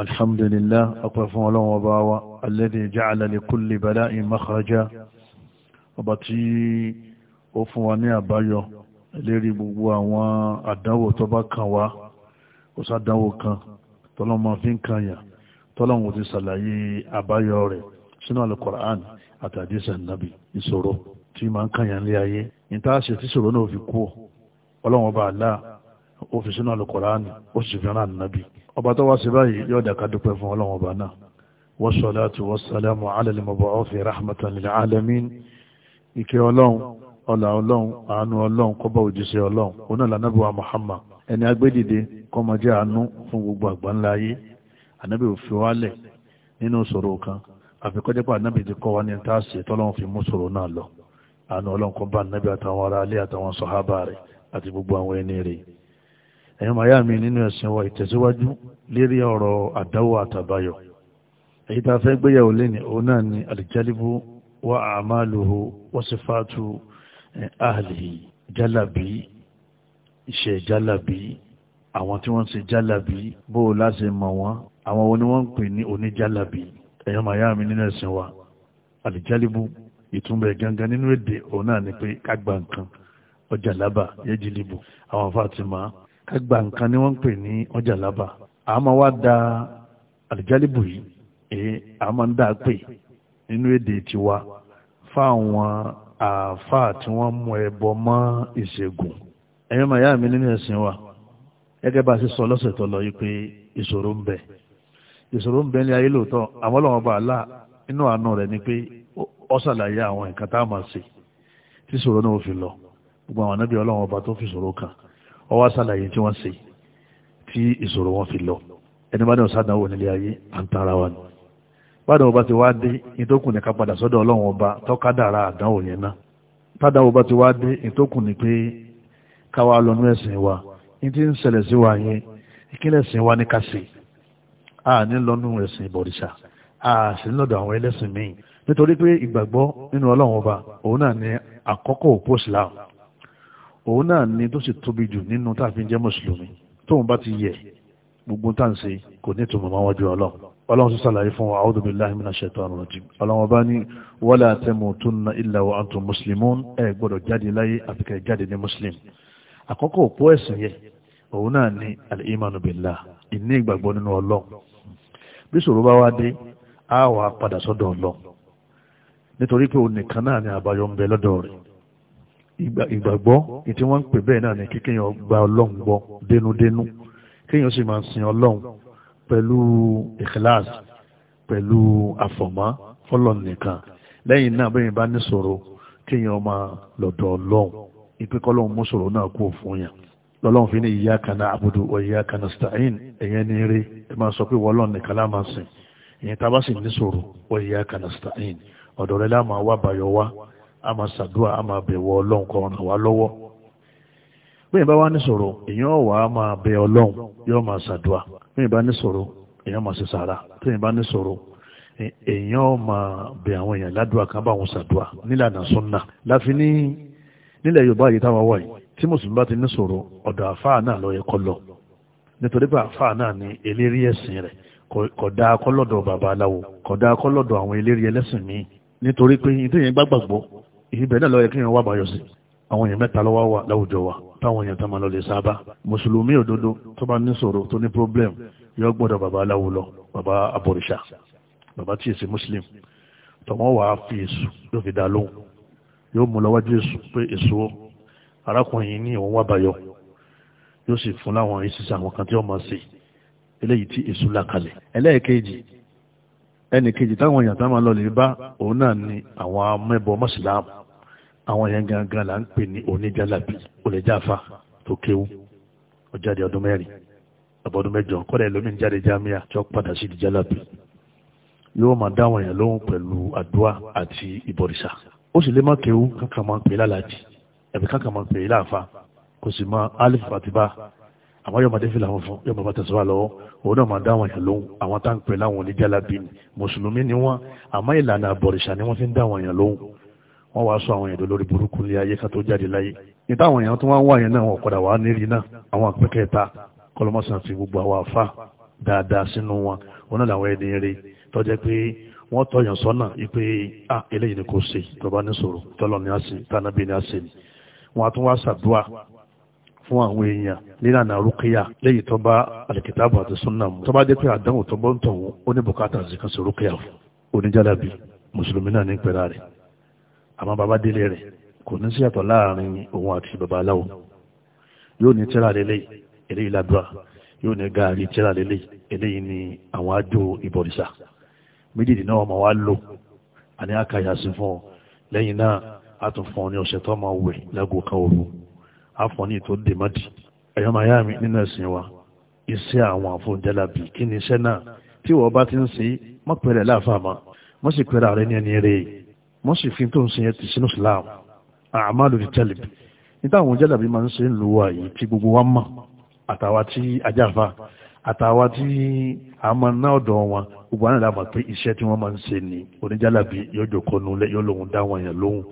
الحمد لله أطرفوا لهم وباوا الذي جعل لكل بلاء مخرجا وبطي وفواني أبايو lérí gbogbo àwọn àdánwò tó bá kàn wá kò sádánwò kan tọ́lọ́mọ fi ń kan yà tọ́lọ́mọ ti ṣàlàyé àbáyọ rẹ̀ sínú alukoran àtàdísà nàbì ìṣòro tí máa ń kan yà ní ayé níta ṣe tí ìṣòro náà fi kú ọ ọlọ́wọ́n bá a láà ó fi sínú alukọ̀ránì ó sì fẹ́ràn ànábì ọba tó wá sí báyìí yóò dàka dúpẹ́ fún ọlọ́run ọba náà wasalaatu wasalaamu alali mabaafi rahmatan lil alamin ìkẹ́ ọlọ́run ọlà ọlọ́run àánú ọlọ́run kọ́bá òjíṣẹ́ ọlọ́run oná lànàbí wa muhammad ẹni agbẹ́dìde kọ́mọ jẹ́ àánú fún gbogbo àgbáńlá ayé ànábì àti gbogbo àwọn ẹni rẹ̀ ẹ̀yàn màyá mi nínú ẹ̀sìn wa ìtẹ̀síwájú lérí ọ̀rọ̀ àdáwò àtàbáyọ̀ èyí tá a fẹ́ gbéyàwó lẹ́ni òun náà ni àlìjálíbú wa àmàlùhù wọ́sífàtú eh, ahlihi jálàbí iṣẹ́ jálàbí àwọn tí wọ́n ń ṣe jálàbí bó o láṣẹ mọ̀ wọ́n àwọn wo ni wọ́n ń pè ní oníjálàbí ẹ̀yàn màyá mi nínú ẹ̀sìn wa àlìjálíbú ìtumọ̀ gangan nínú èdè òun náà ni pé kágbà nǹkan ọjà lábà yẹjìlíbù àwọn fàtìmá ká gba nǹkan ni wọ́n ń pè ní ọjà lába àmọ́ wá da àlìjálìbù yìí èyí àmọ́ ń dà pé nínú èdè tiwa fáwọn àáfàá tí wọ́n mú ẹbọ mọ́ ìṣègùn ẹ̀yin màá yá mi nínú ẹ̀sìn wa gẹ́gẹ́ bá a ṣe sọ lọ́sẹ̀ tó lọ yìí pé ìṣòro ń bẹ ìṣòro ń bẹ ní ayé lóòótọ́ àmọ́ lọ́wọ́n bá a lá inú àánú rẹ̀ ni pé ó ṣàlàyé àwọn nǹkan tá a máa ṣe tí ìṣòro náà fi lọ gbogbo àwọn anábìyàn ọlọ́wọ́n ọba tó fi ìṣòro kàn ọwọ́ sàlàyé tí wọ́n ṣe tí ìṣòro wọn fi lọ ẹni bá ní ọ̀sádàwò nílé ayé à ń tara wa nù bádà ọba ti wá dé ìtókùn ní ká padà sọ́dọ̀ ọlọ́run ọba tọ́kádàrà àdánwò yẹn náà tádà ọba ti wá dé ìtókùn ní pé káwa lọ́nú ẹ̀sìn wa ní ti ń ṣẹlẹ̀ sí wa yẹn ìkílẹ̀ ẹ̀sìn wa ní ká ṣe a ní lọ́nú ẹ̀sìn ìbọ̀rìṣà a sì ń lọ́dọ̀ àwọn ẹlẹ́sìn míì nítorí pé ìgbàgbọ́ nínú ọlọ́run ọba òun náà ní àkọ́kọ́ òpó Islam òun náà ni tó sì tóbi jù nínú táàfin jẹ́ mùsùlùmí tóun bá ti yẹ gbogbo tá à ń ṣe kò ní ìtumọ̀ máa wájú ọlọ́run ọlọ́run sì sàlàyé fún wa a'udhu billahi minash shaitani rajim ọlọ́run ọba ní wala tamutunna illa wa antum muslimun ẹ gbọ́dọ̀ jáde láyé àfikẹ́ jáde ní muslim àkọ́kọ́ òpó ẹ̀sìn yẹ òun náà ni al-imanu ìní ìgbàgbọ́ nínú ọlọ́run bí ṣòro bá wá dé á wà padà sọ́dọ̀ ọlọ́run nítorí pé òun nìkan náà ni àbáyọ ń bẹ lọ́dọ̀ rẹ̀ ìgbàgbọ́ ìtí wọ́n ń pè bẹ́ẹ̀ náà ni kí kéèyàn gba ọlọ́run gbọ́ dénúdénú kéèyàn sì máa sin ọlọ́run pẹ̀lú ìkíláàsì pẹ̀lú àfọ̀mọ́ fọlọ́n nìkan lẹ́yìn náà bẹ́yìn bá níṣòro kéèyàn máa lọ́dọ̀ ọlọ́run ìpè kọ́lọ́run mú ṣòro náà kú òfun yàn lọ́lọ́run fi ní ìyá kaná abudu ọ̀ ìyá kaná stein ẹ̀yẹn ní eré ẹ máa sọ pé wọ́lọ́run nìkan lá máa sìn ìyẹn tá a bá sì níṣòro ọ̀ ìyá kaná stein ọ̀dọ̀ rẹ̀ lá máa wá bàyọ̀ wá a máa ṣàdúrà a máa bẹ̀wọ̀ ọlọ́run kó ràn wá lọ́wọ́ bẹ́ẹ̀ bá wá ní sọ̀rọ̀ èèyàn wà á máa bẹ ọlọ́run yóò máa ṣàdúrà bẹ́ẹ̀ bá ní sọ̀rọ̀ èèyàn máa ṣe sàrà bẹ́ẹ̀ bá ní sọ̀rọ̀ èèyàn máa bẹ àwọn èèyàn ládùúà kan bá wọn ṣàdúrà nílànà súnà láfi ní nílẹ̀ yorùbá yìí táwọn wà yìí tí mùsùlùmí bá ti ní sọ̀rọ̀ ọ̀dọ̀ àfáà náà lọ yẹ kó nítorí pé àfáà náà ni eléri ẹ̀sìn rẹ̀ kò dáa kó lọ́dọ̀ bàbá aláwo kò dáa kó lọ́dọ̀ àwọn eléri ẹlẹ́sìn míì nítorí pé ìdíyẹn gbàgbàgbọ́ ibẹ̀ náà lọ́yẹ kí èèyàn wá bàyọ̀ sí àwọn èèyàn mẹ́ta lọ́wọ́ wà láwùjọ wa táwọn èèyàn tá máa lọ lè sábà mùsùlùmí òdodo tó bá ní tó ní problem yóò gbọ́dọ̀ bàbá aláwo lọ bàbá abọ̀rìṣà bàbá tí èsì muslim tọ̀wọ́n wà á fi èṣù yóò fi dá lóhùn yóò mú lọ́wọ́jú èṣù pé èṣù arákùnrin ní òun wá bàyọ̀ yóò sì fún láwọn ìṣiṣẹ́ àwọn kan tí wọ́n máa ṣe eléyìí tí èṣù là kalẹ̀ ẹlẹ́ẹ̀kejì ẹnìkejì táwọn èèyàn tá máa lọ lè bá òun náà ni àwọn amẹ́bọ mọ́sílámù àwọn yẹn gangan là ń pè ní oníjàlábì olèjáfa tó kéwú ó jáde ọdún mẹ́rin ọ̀bọ̀dún mẹ́jọ kọ́dà ẹlòmíín jáde jámíà tí ó padà sí ìdíjàlábì yóò máa dáwọn èèyàn lóhùn pẹ̀lú àdúrà àti ìbọ̀rìṣà ó sì lè má kéwú kankan máa pè lálàájì ẹ̀bí kankan máa pè láàfa kò sì máa alif àti bá àwọn yóò máa dé fìlà wọn fún yóò máa bá tẹ̀síwá lọ́wọ́ òun náà máa dáwọn èèyàn lóhùn àwọn tá láwọn oníjàlábì mùsùlùmí ni wọn àmọ́ ìlànà àbọ̀rìṣà ni wọ́n ti ń dáwọn èèyàn lóhùn wọ́n wá sọ àwọn èèyàn lórí burúkú ní ayé ká tó jáde láyé níta àwọn èèyàn tó wá ń wá yẹn náà wọ́n padà wá nírí náà àwọn àpẹkẹta kọlọmọsàn fi gbogbo àwọn àfa dáadáa sínú wọn wọn náà làwọn ẹni rí tọjẹ pé wọ́n tọyàn sọ́nà ipe a eléyìí ni kò ṣe tọba ní sọ̀rọ̀ tọlọ ni a ṣe tànàbí ni a ṣe ni wọ́n a tún wá ṣàdúrà fún àwọn èèyàn nílànà rúkìá léyìí tó bá àti súnà mu tó bá pé àdánwò tó bọ́ ó ní bùkátà sí kan sí rúkìá fún oníjàlábì mùsùlùmí náà ní pẹ̀lá rẹ̀ àmọ́ bàbá délé rẹ̀ kò ní sí yàtọ̀ láàrin òun àti bàbá aláwo yóò ní tíra lélẹ̀ eléyìí ládùá yóò ní gaari tíra lélẹ̀ eléyìí ní àwọn àjò ìbọ̀rìṣà méjìdì náà ọmọ wa lò àní àkàyà sí fún ọ lẹ́yìn náà a tún fún ọ ní ọ̀sẹ̀ tó máa wẹ̀ lágò kan òru a fún ọ ní ìtò dèmọ́dì ẹ̀yọ́ màá yá mi nínú ẹ̀sìn wa iṣẹ́ àwọn àfọ̀njálàbì kí ni iṣẹ́ náà tí wọ́n bá ti ń ṣe mọ́pẹ̀rẹ̀ láàfàmà mọ́sí pẹ̀rẹ̀ ààrẹ ní ẹni rèé mọ́ sì fi tó ń sin yẹn ti sínú islam àmàlù ní jálẹ̀bì níta àwọn jálẹ̀bì máa ń ṣe ń lo wa yìí tí gbogbo wa mọ̀ àtàwa tí ajáfa àtàwa tí àmọ́ náà dọ̀ wọn gbogbo àwọn ìlànà pé iṣẹ́ tí wọ́n máa ń ṣe ni oníjálẹ̀bì yóò jókòó yóò lòun dá wọn yẹn lóhùn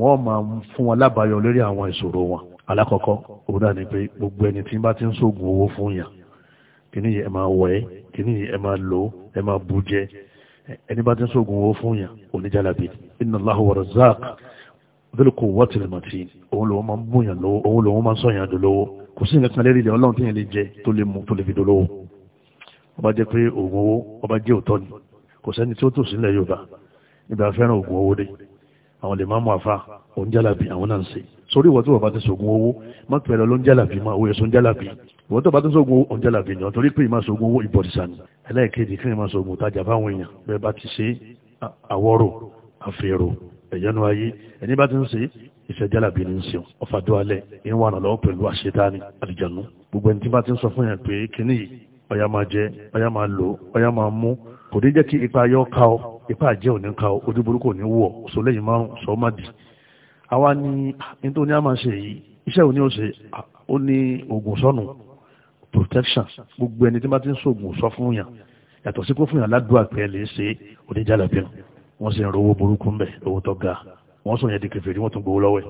wọ́n máa ń fún wọn lábàáyọ lórí àwọn ìṣòro wọn alákọ̀ọ́kọ́ òun náà ni pé gbogbo ẹni tí bá ti ń ṣoògùn owó fún yàn kìnnìyàn ẹ máa wẹ̀ kìnnìyàn ẹ máa lò ẹ máa bù jẹ ẹni bá ti ń sógun owó fún yàn oníjàlábí inna Allahu wa razzaq dhul quwwati al-matin òun lòun máa ń bùn yàn lówó kò sí nǹkan lérí ilẹ̀ ọlọ́run tí yẹn lè jẹ tó lè mú tó lè fi dolówó ọba jẹ́ pé oògùn owó ọba jẹ́ òótọ́ ni kò sẹ́ni tí ó tò sílẹ̀ Yorùbá níbi àfẹ́ràn oògùn owó dé àwọn lè máa mú àfa òun jálàbí àwọn náà ń ṣe sórí ìwọ tí wọn bá ti sògùn owó má pẹ̀lú ló ń jálàbí máa owó èso ń jálàbí ìwọ tó bá ti sògùn òun jálàbí ni torí pé ìmá sògùn owó ìbọ̀dìsá ni ẹlẹ́ẹ̀kejì kí ni máa sògùn tajà fáwọn èèyàn bẹ́ẹ̀ bá ti ṣe àwọ̀rò àfèrò ẹ̀yánu ayé ẹni bá ti ń ṣe ìfẹ́ jálàbí ni ń ṣe ọ̀fà dúalẹ̀ ń wà ipa yọ ipá àjẹ́ òní ka ojú burúkú òní wọ̀ sọ lẹ́yìn márùn sọ má dì àwa ni nítorí ní a máa ṣe yìí iṣẹ́ òní ó ṣe ó ní oògùn sọ́nù protection gbogbo ẹni tí bá ti ń sògùn sọ fún yàn yàtọ̀ sí kó fún yàn ládùúgbà pé ẹ lè ṣe oníjàlá bí wọ́n sì ń rówó burúkú mbẹ̀ owó tó ga wọ́n sọ yẹn di kèfèrí wọ́n tún gbowó lọ́wọ́ ẹ̀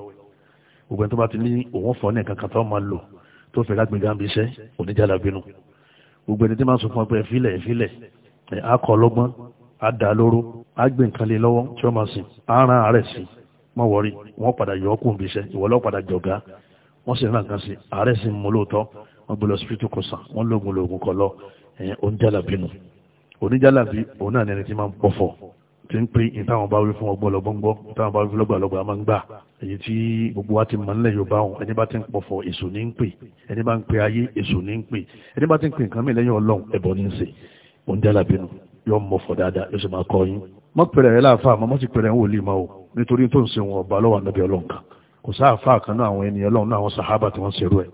gbogbo ẹni tó bá ti ní òun fọ́ ní kankan tó máa lò tó fẹ́ lágbègbè àmì iṣẹ́ oníjàlá bínú gbogbo ẹni tí máa ń sọ fún ọgbẹ́ ìfilẹ̀ ìfilẹ̀ akọ ọlọ́gbọ́n àdàlóró àgbẹ̀ nǹkan lé lọ́wọ́ tí wọ́n máa sìn àárán àárẹ̀ sí mọ́ wọ́rí wọ́n padà yọ ọkùn bí iṣẹ́ ìwọ́lọ́ padà jọ̀gá wọ́n sì rán nǹkan sí àárẹ̀ sí mú lóòótọ́ wọ́n gbé lọ sípítù kò sàn wọ́n lóògùn lóògùn kọ lọ oníjàlábí nù oníjàlábí òun náà nẹni tí máa ń pọ̀fọ̀ tí ń pín in táwọn bá wí fún ọgbọ́n lọ́gbọ́ngbọ́ táwọn bá wí fún lọ́gbàlọ́gbà máa ń gbà èyí tí gbogbo wa ti mọ̀ nílẹ̀ Yorùbá wọn ẹni bá ti ń pọ̀fọ̀ èṣù ní ń pè ẹni bá ń pe ayé èṣù ní ń pè ẹni bá ti ń pè nǹkan mìíràn lẹ́yìn Ọlọ́run ẹbọ ní ń ṣe oníjàlábí nù yóò mọ̀ fọ̀ dáadáa yóò sì máa kọ́ yín mọ́ pẹ̀rẹ̀ rẹ̀ láàfáà mọ́ sì pẹ̀rẹ̀ ń wò máa o nítorí tó ń ṣe wọn ọba lọ́wọ́ ànábì ọlọ́run kan kò sáàfáà kan náà àwọn ènìyàn ọlọ́run náà àwọn sàhábà tí wọ́n ṣerú ẹ̀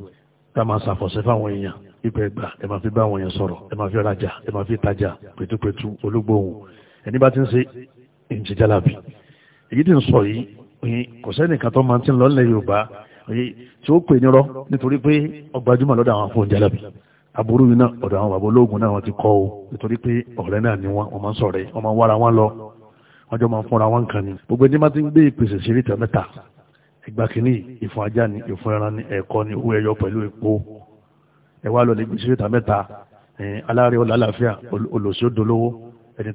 tá máa ṣàfọ̀ṣẹ́ fáwọn èèyàn ipẹ̀ ẹgbà ẹ máa fi bá àwọn èèyàn sọ̀rọ̀ ẹ máa fi rajà ẹ máa fi tajà pẹ̀tùpẹ̀tù olúgbòhùn ẹni bá ti ń ṣe ìǹtí jálàbì èyí aburú yìí náà ọ̀dọ̀ àwọn bàbá ológun náà wọ́n ti kọ́ o nítorí pé ọ̀rẹ́ náà ni wọ́n máa ń sọ̀rẹ́ wọ́n máa ń wára wọn lọ wọ́n jọ máa ń fúnra wọn kan ni gbogbo ẹni máa ti ń gbé ìpèsè sí ìrìtà mẹ́ta ìgbà kìíní ìfun ajá ni ìfun ẹran ni ẹ̀kọ́ ni owó ẹyọ pẹ̀lú epo ẹ wá lọ lè gbèsè ìrìtà mẹ́ta aláàrẹ ọ̀la àlàáfíà olòṣì ó dolówó ẹni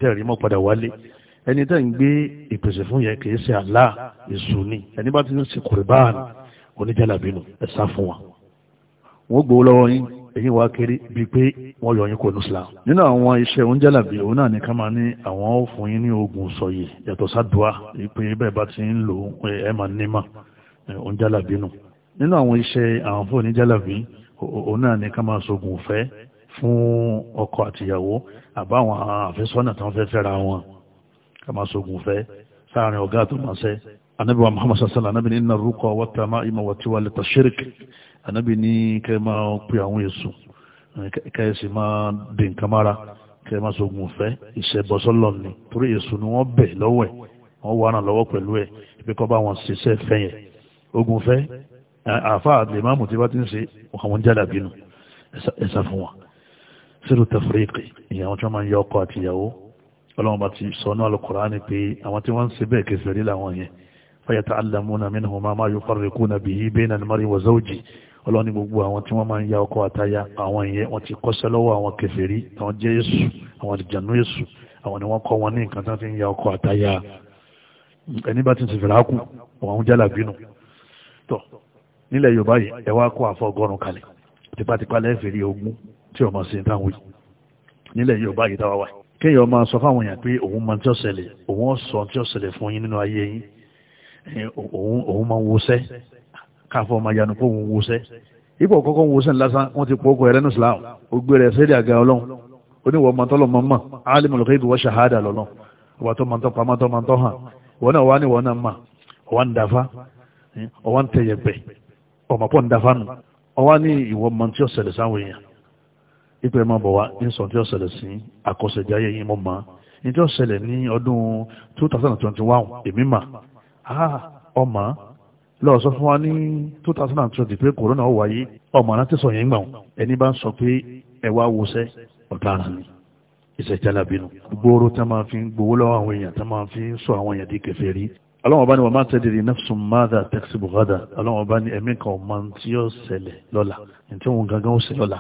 èyí wá kéré bíi pé wọ́n yọ yín kó ní Islam. nínú àwọn iṣẹ́ oúnjẹ làbí òun náà ní ká máa ní àwọn ó fún yín ní oògùn sọ̀yè yàtọ̀ sádùá pé bẹ́ẹ̀ bá ti ń lò ẹ máa ní mà oúnjẹ làbí nù. nínú àwọn iṣẹ́ àwọn fún oníjẹ làbí òun náà ní máa sọ̀gùn fẹ́ fún ọkọ àtìyàwó àbá àwọn àfẹ́sọ́nà tó ń fẹ́ fẹ́ra wọn ká máa sọ̀gùn fẹ́ sáàrin ọ̀gá àtọ̀mọṣẹ́ anabi wa muhammad sallallahu alaihi wasallam anabi ní inna rúkọ wata máa ìmọ̀ wàtí wà lẹ́ta shirk anabi ní kẹ́ máa pè àwọn èso kẹ́ sì máa dè nǹkan mára kẹ́ máa sọ̀gùn fẹ́ ìṣẹ̀bọ̀sọ́lọ̀ ni torí èso ni wọ́n bẹ̀ lọ́wọ́ ẹ̀ wọ́n wà náà lọ́wọ́ pẹ̀lú ẹ̀ ibi kọ́ bá wọn ṣiṣẹ́ fẹ́ yẹn ogun fẹ́ àfa àlèmáàmù tí bá ti ń ṣe àwọn jálà bínú ẹ̀sà fún wọn sírù tafriqi ìyàwó tí wọ́n máa ń yọ ọkọ àtìyàwó ti sọ ní Al-Qur'ani pé àwọn tí wọ́n ń ṣe bẹ́ẹ̀ kẹfẹ́ rí làwọn yẹn fayata'allamuna minhuma ma yufarriquna bihi bayna al-mar'i wa zawji ọlọ́ni gbogbo àwọn tí wọ́n máa ń ya ọkọ àtaya àwọn ìyẹn wọ́n ti kọ́ṣẹ́ lọ́wọ́ àwọn kèfèrí àwọn jẹ́ èṣù àwọn àdìjànú èṣù àwọn ni wọ́n kọ́ wọn ní nǹkan tán fi ń ya ọkọ àtaya ẹni bá ti sì fìrà kú àwọn jálà bínú tọ nílẹ̀ Yorùbá yìí ẹ wá kó àfọ ọgọ́rùn kalẹ̀ tipátipá lẹ́ẹ̀fẹ̀rí ogún tí ọmọ sí táwọn wí nílẹ̀ Yorùbá yìí táwa wà kéèyàn máa sọ fáwọn èèyàn pé òun máa tí ó ṣẹlẹ̀ òun ó sọ tí ó ṣẹlẹ̀ fún yín nínú ayé yín òun máa ń wusẹ́ káfọ́ ọmọ yanu kó òun wusẹ́ ipò kọ́kọ́ wusẹ́ lásán wọ́n ti pọ́kọ́ ẹ̀rẹ́ ní islam ogbé rẹ̀ sẹ́dí àga ọlọ́run oníwọ̀ mọ̀tọ́lọ̀ mọ̀mọ́ alimul ghaibi wa shahada lọ́lọ́ ọba tó mọ̀tọ́ pamọ́tọ́ mọ̀tọ́ hàn wọn náà wà ní wọn náà mà ọwá ń dafa ọwá ń tẹ̀yẹ̀ bẹ̀ ọmọ pọ̀ ń dafa nù ọwá ní ìwọ mọ̀ tí ó ṣẹlẹ̀ sáwọn èèyàn ipò ẹ̀ máa bọ̀ wá ní sọ tí ó ṣẹlẹ̀ sí àkọsẹ̀jáyé yìí mọ̀ mọ́ ní tí ó ṣẹlẹ̀ ní ọdún 2021 èmi mà Ah, ọmọ lọ sọ fún wa ní two thousand and twenty pé corona ó wáyé ọmọ náà ti sọ yẹn gbọ̀n ẹni bá ń sọ pé ẹ wá wọṣẹ́ ọ̀daràn ni ìṣẹ̀jálà bínú gbóòrò tá máa fi ń gbowó lọ́wọ́ àwọn èèyàn tá máa fi ń sọ àwọn èèyàn di kèfèrí ọlọ́wọ́n bá ní wọ́n máa tẹ́lẹ̀ rí nafsun mada tẹ́kisì bùkádà ọlọ́wọ́n bá ní ẹ̀mí kan ọmọ tí yóò ṣẹlẹ̀ lọ́la tí wọn gangan ó ṣe lọ́la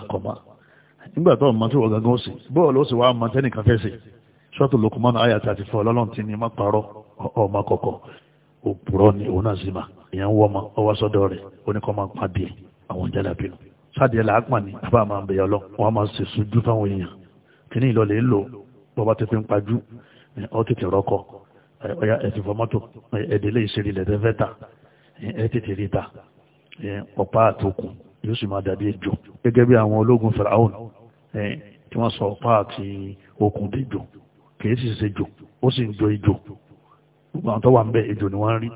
ọlọ́run ti ní má parọ́ ọmọ kọ̀kọ̀ òpùrọ́ ni òun náà sì mà èèyàn ń wọ́ ọmọ ọwọ́ sọ́dọ̀ rẹ̀ oníkọ́ máa pa díẹ̀ àwọn jálá bínú sáàdìẹ làápọn ni àbá máa bẹ̀yà lọ wọ́n máa ṣe sójú fáwọn èèyàn kíní ìlọlẹ̀ ń lò bọ́bá tó fi ń pajú ọ tètè rọ́kọ ọya ẹ̀sìn fọmọ́tò ẹ̀dẹ̀lẹ̀ ìṣeré ilẹ̀ tẹ́fẹ́ ta ẹ̀ tètè rí ta ọ̀pá àtòkùn yóò sì máa dàbí ejò gẹ́gẹ́ bí àwọn ológun faraon tí wọ́n sọ ọ̀pá àti okùn dé jò kì í sì ṣe jò ó sì ń jọ ejò gbogbo àwọn tó wà ń bẹ ejò ni wọ́n rí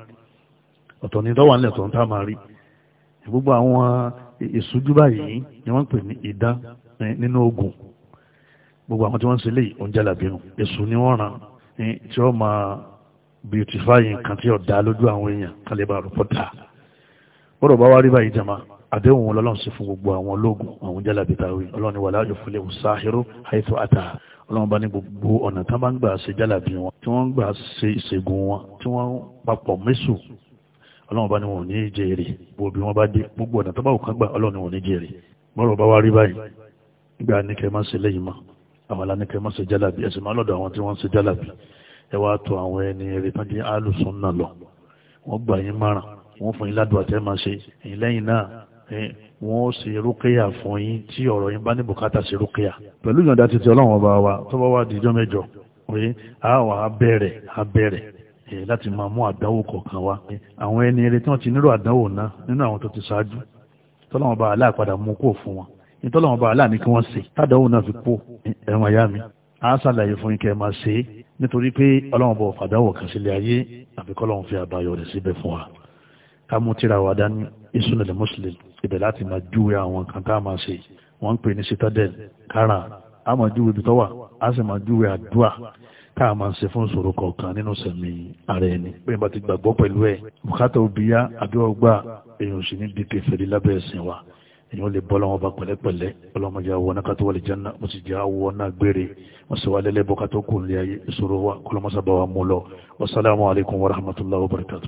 ọ̀tọ̀ ni tó wà nílẹ̀ tó ń tá máa rí gbogbo àwọn ìṣújú báyìí ni wọ́n ń pè ní ìdán eh, nínú ogun gbogbo àwọn tí wọ́n ń ṣe léyìí oúnjẹ làbínú èṣù ni wọ́n ràn eh, tí wọ́n máa beautify nǹkan tí ọ̀dà lójú àwọn èèyàn kálíbà rọ̀pọ̀tà bọ́rọ̀ bá wá rí báyìí jama àdéhùn ọlọ́run sí fún gbogbo àwọn ológun àwọn jálàbí táwí ọlọ́run ni wà láàyò fúnlẹ̀ òsáhírò àìtó àtà ọlọ́run bá ní gbogbo ọ̀nà tán bá ń gbà ṣe jálàbí wọn tí wọ́n ń gbà ṣe ìṣègùn wọn tí wọ́n papọ̀ mẹ́sù ọlọ́run bá ní wọn ò ní jèrè gbogbo wọn bá dé gbogbo ọ̀nà tó bá wù kán gbà ọlọ́run ni wọn ò ní jèrè bọ́rọ̀ bá wá rí báyìí wọ́n fún yín ládùn àtẹ́ máa ṣe ìlẹ́yìn náà wọ́n ṣe rúkẹ́yà fún yín tí ọ̀rọ̀ yín bá ní bùkátà ṣe rúkẹ́yà pẹ̀lú ìyọ̀ǹda títí ọlọ́run ọba wa tó bá wà di ijọ́ mẹ́jọ pé àwọn abẹ́rẹ̀ abẹ́rẹ̀ láti máa mú àdánwò kọ̀ọ̀kan wá àwọn ẹni eré tí wọ́n ti nílò àdánwò náà nínú àwọn tó ti ṣáájú tọ́lọ́wọ́n bá aláà padà mú kó fún wọn ní tọ́lọ́wọ́n bá aláà ní kí wọ́n ṣe tádánwò náà fi kó ẹ̀wọ̀n ìyá mi á ṣàlàyé fún yín kẹ́ ẹ máa ṣe é nítorí pé ọlọ́wọ́n bọ̀ fàdánwò kan sílé ayé àfikọ́ lọ́wọ́n fi àbáyọ rẹ̀ síbẹ̀ fún wa amútira wà dání ìsúnilẹ̀ muslim ìbẹ̀ láti máa júwe àwọn kan tá a máa ṣe wọ́n ń pè ní citadel kára a máa júwe ibi tó wà a sì máa júwe àdúà tá a máa ṣe fún ìṣòro kọ̀ọ̀kan nínú sẹ̀mí ara ẹni bẹ́ẹ̀ bá ti gbàgbọ́ pẹ̀lú ẹ̀ bùkátà òbíyá àdúrà gbà èèyàn sì ní dìkẹ́ fèrè lábẹ́ ẹ̀sìn wa èèyàn lè bọ́ lọ́wọ́ bá pẹ̀lẹ́pẹ̀lẹ́ ọlọ́mọdé àwọn ọ̀nà kátó wọlé jẹ́nà mo sì jẹ́ àwọn ọ̀nà gbére wọ́n sì wá lẹ́lẹ́bọ́ kátó kùn lé ayé ìṣòro wa kọ́lọ́mọ́sábà wa mú lọ wasalaamu alaykum wa